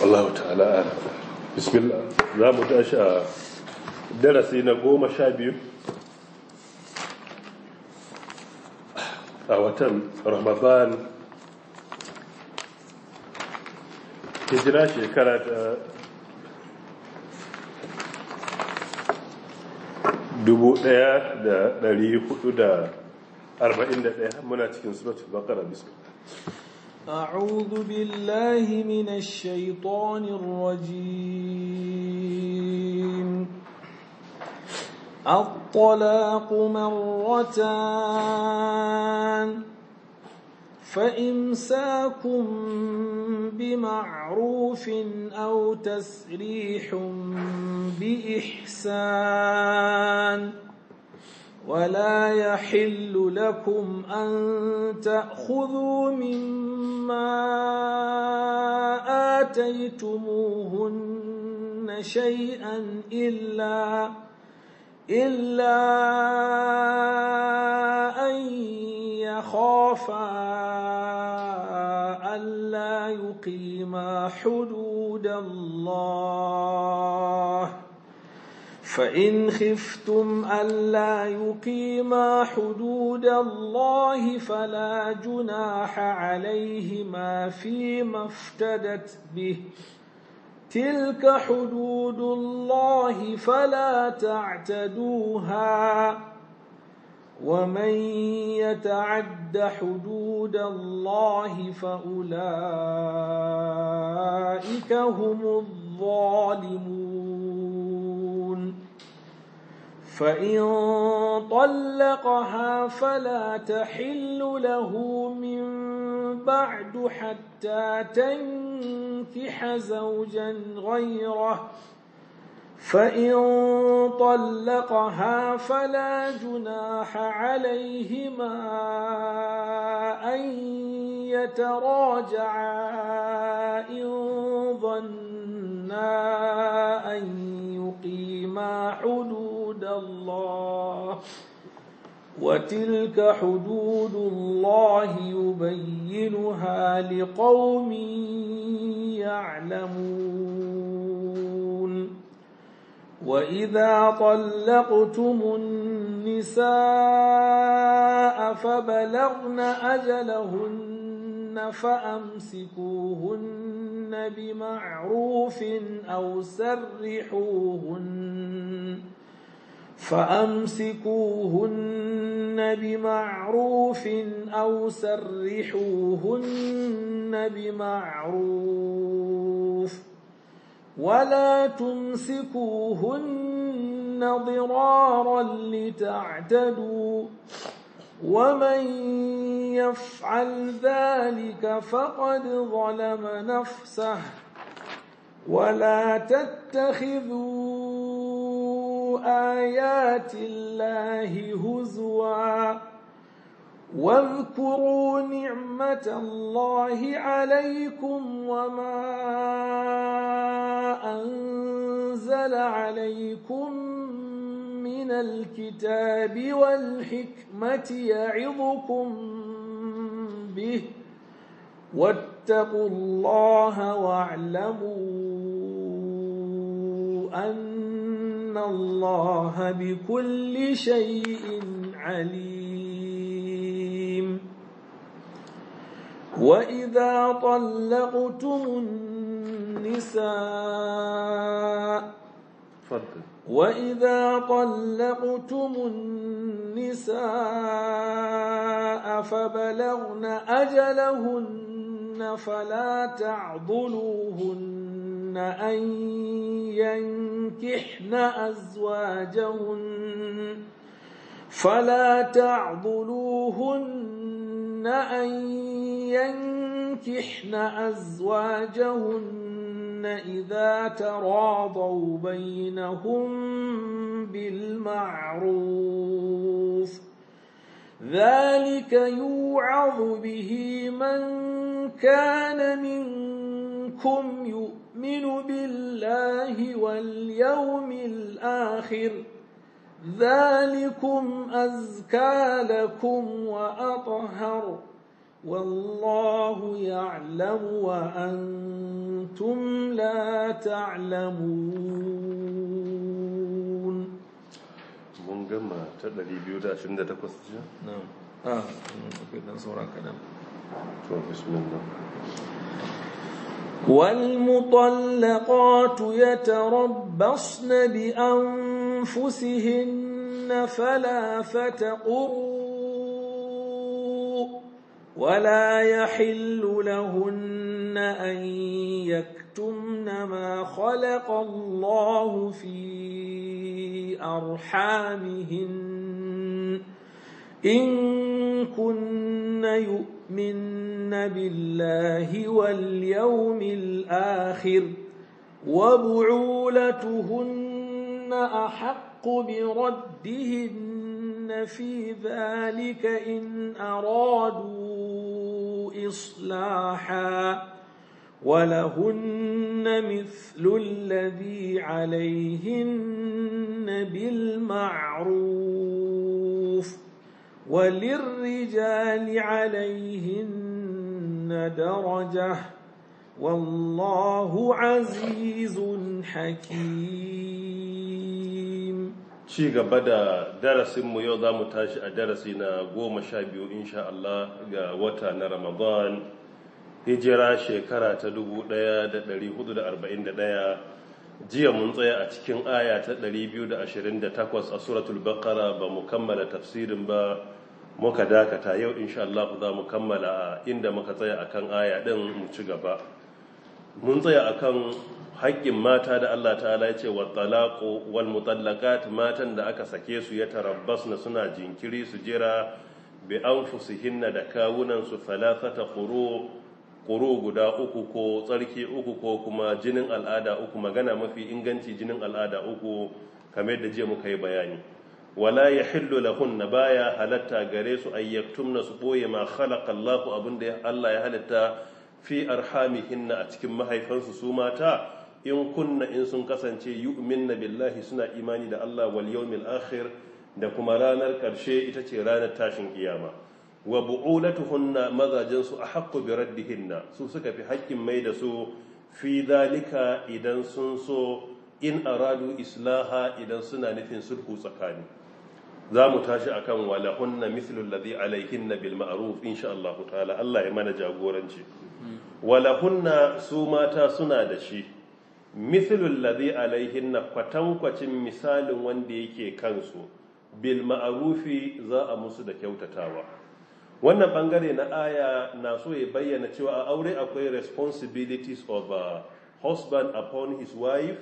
wallahu ta'ala ala bismillah za mu tashi a darasi na goma sha biyu a watan ramadan hijira shekara ta 1441 muna cikin suratul baqara bismillah أعوذ بالله من الشيطان الرجيم الطلاق مرتان فإمساكم بمعروف أو تسريح بإحسان ولا يحل لكم أن تأخذوا مما آتيتموهن شيئا إلا إلا أن يخافا ألا يقيما حدود الله فإن خفتم ألا يقيما حدود الله فلا جناح عليهما فيما افتدت به تلك حدود الله فلا تعتدوها ومن يتعد حدود الله فأولئك هم الظالمون فإن طلقها فلا تحل له من بعد حتى تنكح زوجا غيره فإن طلقها فلا جناح عليهما أن يتراجعا إن ظنا أن يقيما حدود الله وتلك حدود الله يبينها لقوم يعلمون وإذا طلقتم النساء فبلغن أجلهن فأمسكوهن بمعروف أو سرحوهن فأمسكوهن بمعروف أو سرحوهن بمعروف ولا تمسكوهن ضرارا لتعتدوا ومن يفعل ذلك فقد ظلم نفسه ولا تتخذوا آيات الله هزوا واذكروا نعمة الله عليكم وما أنزل عليكم من الكتاب والحكمة يعظكم به واتقوا الله واعلموا أن الله بكل شيء عليم وإذا طلقتم النساء وإذا طلقتم النساء فبلغن أجلهن فلا تعضلوهن أن ينكحن أزواجهن فلا تعضلوهن أن ينكحن أزواجهن إذا تراضوا بينهم بالمعروف ذلك يوعظ به من كان منكم يؤمن بالله واليوم الآخر ذلكم أزكى لكم وأطهر والله يعلم وأنتم لا تعلمون من جمع تدري بيودا شن ده تقصدها نعم آه أوكي ده الله والمطلقات يتربصن بأنفسهن فلا فتقرون ولا يحل لهن أن يكتمن ما خلق الله في أرحامهن إن كن يؤمن بالله واليوم الآخر وبعولتهن أحق بردهن في ذلك إن أرادوا إصلاحا ولهن مثل الذي عليهن بالمعروف وللرجال عليهن درجة والله عزيز حكيم ci gaba da darasinmu yau za mu tashi a darasi na goma sha biyu insha Allah ga wata na Ramadan hijira shekara ta dubu da da da hudu arba'in ɗaya. jiya mun tsaya a cikin aya ta da da ashirin takwas a suratul bakara ba mu kammala tafsirin ba muka dakata yau insha Allah za mu kammala inda muka tsaya akan aya ɗin mu ci gaba mun tsaya akan haƙƙin mata da Allah ta'ala ya ce wa talaqu wal mutallaqat matan da aka sake su ya tarabbasna suna jinkiri su jira bi hinna da kawunan su thalathata quru guda uku ko tsarki uku ko kuma jinin al'ada uku magana mafi inganci jinin al'ada uku kamar da je muka yi bayani wala yahillu lahunna baya halatta gare su ayyaktumna su boye ma khalaqa Allahu abinda Allah ya halitta fi hinna a cikin mahaifansu su mata in kunna in sun kasance na billahi suna imani da Allah wal yawmil akhir da kuma ranar karshe ita ce ranar tashin kiyama wa bu'ulatuhunna mazajinsu su ahqqu bi raddihinna su suka fi haƙƙin mai da su fi dalika idan sun so in aradu islaha idan suna nufin sulhu tsakani za mu tashi akan walahunna mithlul ladhi na bil ma'ruf insha Allah ta'ala Allah ya mana jagoranci hmm. walahunna su mata suna da shi mithlul ladhi alaihinna kwatankwacin misalin wanda yake kansu bil ma'arufi za a musu da kyautatawa wannan bangare na aya na so ya bayyana cewa a aure akwai responsibilities of a husband upon his wife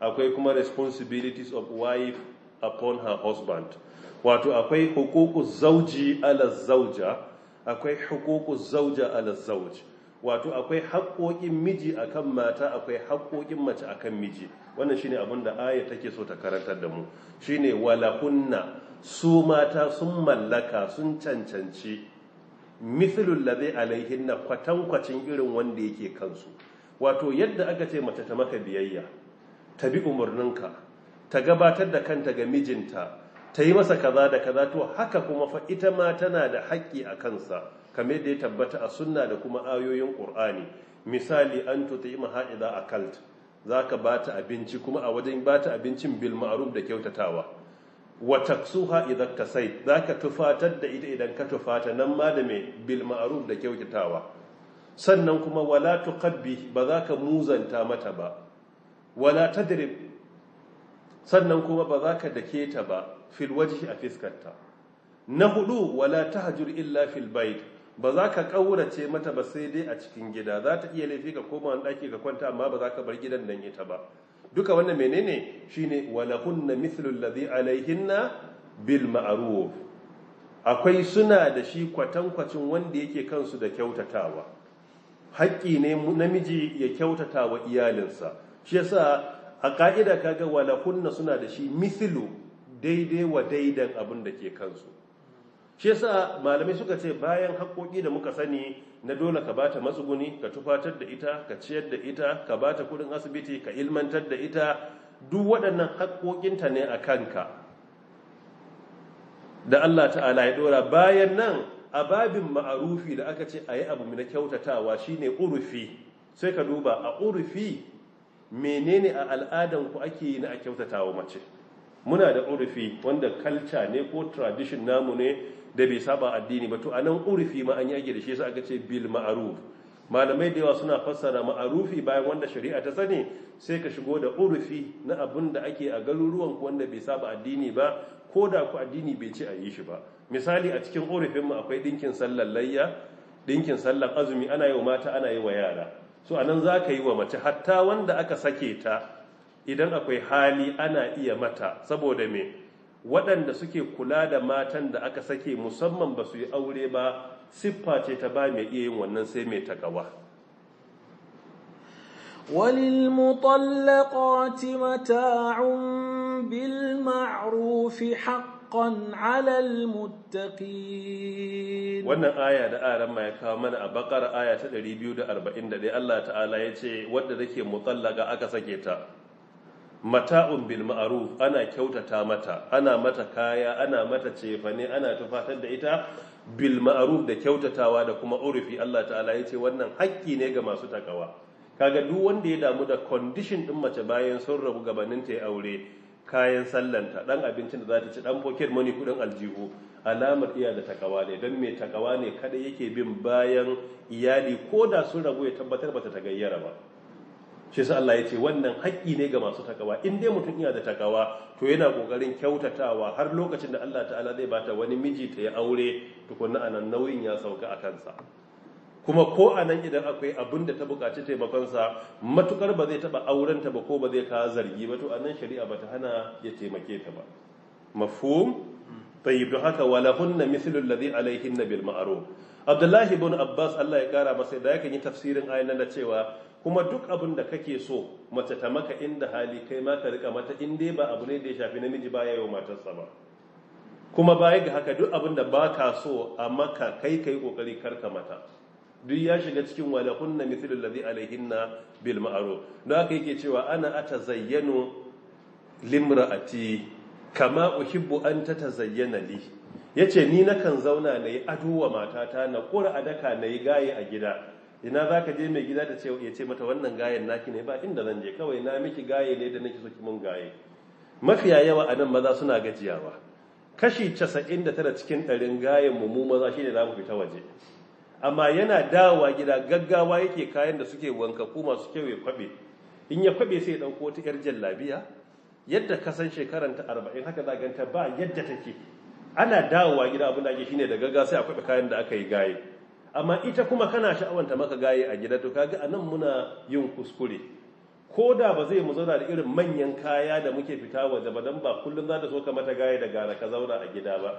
akwai kuma responsibilities of wife upon her husband wato akwai hukuku zauji ala zauja akwai hukuku zauja ala zauji wato akwai haƙoƙin miji akan mata akwai haƙoƙin mace akan miji wannan shine abin da aya take so ta karantar da mu shine Walakunna su mata sun mallaka sun cancanci mithlul ladhi alaihinna kwatankwacin irin wanda yake kansu wato yadda aka ce mace ta maka biyayya ta bi umarninka ta gabatar da kanta ga mijinta ta yi masa kaza da kaza to haka kuma fa ita ma tana da haƙƙi a kansa kame da ya tabbata a sunna da kuma ayoyin ƙur'ani misali an to ta yi maha'ida a kalt za ka ba ta abinci kuma a wajen ba ta abincin bil ma'aruf da kyautatawa wa taksuha idan ta sai za ka tufatar da ita idan ka tufata nan ma da mai bil ma'aruf da kyautatawa sannan kuma wala tuqabbi ba za ka muzanta mata ba wala tadrib sannan kuma ba za ka dake ta ba fil wajhi a fiskarta na hudu wala tahjur illa fil bait ba za ka kaurace mata ba sai dai a cikin gida za ta iya laifi ka koma wani ɗaki ka kwanta amma ba za ka bar gidan nan ita ba duka wannan menene shine walahunna mithlu na? alaihinna bil ma'ruf akwai suna da shi kwatankwacin wanda yake kansu da kyautatawa haƙƙi ne namiji ya kyautatawa iyalinsa shi yasa a ƙa'ida ka kaga walahunna suna da shi mithlu daidai wa daidan abin da ke kansu shi sa malamai suka ce bayan haƙoƙi da muka sani na dole ka bata matsuguni ka tufatar da ita ka ciyar da ita ka bata kudin asibiti ka ilmantar da ita duk waɗannan haƙoƙinta ne a kanka da Allah ta'ala ya dora bayan nan a babin ma'arufi da aka ce a yi abu na kyautatawa shine urufi sai ka duba a urufi menene a al'adan ku ake yi na a kyautata wa mace muna da urufi wanda kalca ne ko tradition namu ne da bai saba addini ba to a nan urufi ma an yage da shi aka ce bil ma'ruf malamai da yawa suna fassara ma'arufi bayan wanda shari'a ta sani sai ka shigo da urufi na abin da ake a garuruwan ku wanda bai saba addini ba ko da ku addini bai ce a yi shi ba misali a cikin urufin mu akwai dinkin sallar layya dinkin sallar azumi ana yi wa mata ana yi wa yara so anan za ka yi wa mace hatta wanda aka sake ta idan akwai hali ana iya mata saboda me waɗanda suke kula da matan da aka sake musamman ba su yi aure ba siffa ce ta ba mai iya yin wannan sai mai takawa mata'un bil بالمعروف حق haƙƙon alal wannan aya da aran ma ya kawo mana a bakar aya ta ɗari biyu 241 Allah ta'ala ya ce wadda take mutallaga aka sake ta mata'un bil ma'ruf ana kyautata mata ana mata kaya ana mata cefane ana tufatar da ita bil ma'ruf da kyautatawa da kuma urufi Allah ta'ala ya ce wannan haƙƙi ne ga masu takawa kaga duk wanda ya damu da condition ɗin mace bayan sun rabu gabanin ta aure kayan sallanta ɗan abincin da za ta ci ɗan pocket money kudin aljihu alamar iya da takawa ne don mai takawa ne kaɗai yake bin bayan iyali ko da sun rabu ya tabbatar bata ta gayyara ba shi sa Allah ya ce wannan haƙƙi ne ga masu takawa in dai mutum iya da takawa to yana ƙoƙarin kyautatawa har lokacin da Allah ta'ala zai bata wani miji ta ya aure tukunna anan nauyin ya sauka a kansa kuma ko a nan idan akwai abin da ta bukaci taimakonsa matukar ba zai auren ta ba ko ba zai kawo zargi ba to a nan shari'a ba ta hana ya taimake ta ba mafhum tayyib don haka wala hunna mithlu alladhi alaihinna bil ma'ruf abdullahi ibn abbas Allah ya kara masa da yake yi tafsirin ayan da cewa kuma duk abin da kake so mace ta maka inda hali kai ma ka rika mata in dai ba abu ne da ya shafi namiji ba yayin matarsa ba kuma baya ga haka duk abin da ba ka so a maka kai kai kokari karka mata duk ya shiga cikin walahunna mithlul ladhi alaihinna bil ma'ruf Na haka yake cewa ana atazayyanu limra'ati kama uhibbu an tatazayyana li yace ni nakan zauna nayi ado wa matata na kura na nayi gaye a gida ina zaka je mai gida da ce ya mata wannan gayen naki ne ba inda zan je kawai na miki gaye ne da nake so ki mun gaye mafiya yawa a nan maza suna gajiyawa kashi 99 cikin ɗarin gayen mu mu maza shine mu fita waje amma yana dawowa gida gaggawa yake kayan da suke wanka ko masu kyau ya kwabe in ya kwabe sai ya ɗauko wata 'yar jallabiya yadda ka san shekaran ta arba'in haka za ganta ba yadda take ana dawowa gida abin da ake shine da gaggawa sai a kwabe kayan da aka yi gaye amma ita kuma kana sha'awanta maka gaye a gida to kaga anan muna yin kuskure ko da ba zai mu zauna da irin manyan kaya da muke fita waje ba dan ba kullum za ta so ka mata gaye da gara ka zauna a gida ba